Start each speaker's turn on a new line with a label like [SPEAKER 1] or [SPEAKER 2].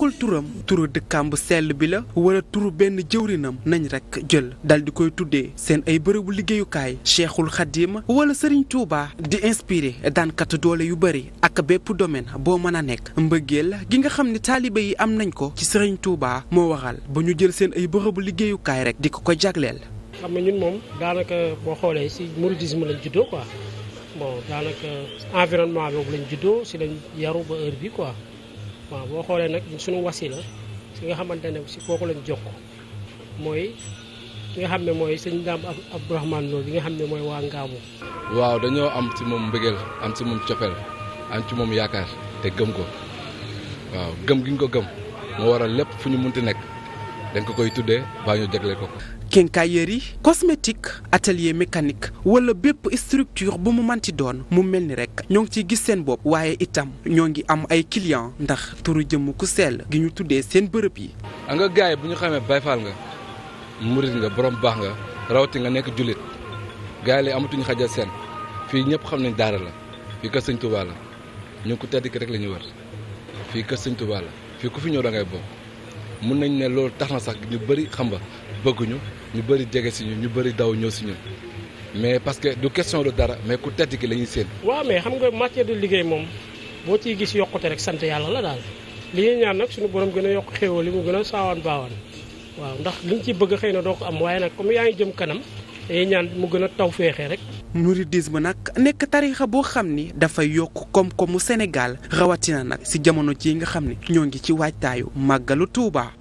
[SPEAKER 1] nekkul turam turu dëkkaam bu sell bi la wala turu benn jëwrinam nañ rek jël dal di koy tuddee seen ay bërëbu liggéeyukaay Cheikhul Khadim wala Serigne Touba di inspiré daankatu doole yu bëri ak bépp domaine boo mën a nekk la gi nga xam ne taalibe yi am nañ ko ci Serigne Touba moo waxal bu ñu jël seen ay bërëbu liggéeyukaay rek di ko ko jagleel.
[SPEAKER 2] xam nga ñun moom daanaka boo xoolee si mouridisme lañ juddoo quoi bon daanaka environnement boobu lañ juddoo si lañ yaru waaw boo xoolee nag sunu wasila si nga xamante ne si kooku lañ jokk mooy ki nga xam ne mooy sëñ Daam Abdourahmane Lo bi nga xam ne mooy waa Ngaabu.
[SPEAKER 3] waaw dañoo am si moom mbëggeel am si moom cofeel am ci moom yaakaar te gëm ko waaw gëm gi ko gëm moo waral lépp fu ñu munti nekk. dañ ko koy tuddee baa ñu jagleel ko ko.
[SPEAKER 1] quincaillerie cosmétique atelier mécanique wala bépp structure bu mu manti doon mu mel ni rek ñoo ngi ciy gis seen bopp waaye itam ñoo ngi am ay clients ndax turu jëmm ku sell
[SPEAKER 3] gi ñu tuddee seen bërëb yi. a nga gaay bu ñu xamee bayfaal nga murit nga borom baax nga rawati nga nekk jullit gaay la amatuñu xajal seen fii ñëpp xam nañ daara la fii kër sëñ Tuubaa la ñu ko tedd ki rek la ñu wër fii kër sëñ Tuubaa fii ku fi ñëw da ngay mun nañ ne loolu tax na sax ñu bëri xam nga bëgguñu ñu bëri jege si ñu ñu bëri daw ñëw si ñun mais parce que du question de dara mais ku tedd ki la ñuy séen. waa
[SPEAKER 2] mais xam nga matière de liggéey moom boo ciy gis yokkute rek sant yàlla la daal li ñuy ñaan nag suñu borom gën a yokk xéewal li mu gën a saawaan baawaan waaw ndax ñu ci bëgg xëy na doo ko am waaye nag comme yaa ngi jëm kanam. dañuy mu gën a taw féexee rek.
[SPEAKER 1] mouridisme nag nekk tarixa boo xam ni dafay yokk koom-koomu Sénégal rawatina nag si jamono jii nga xam ni ñoo ngi ci waajtaayu lu tuubaa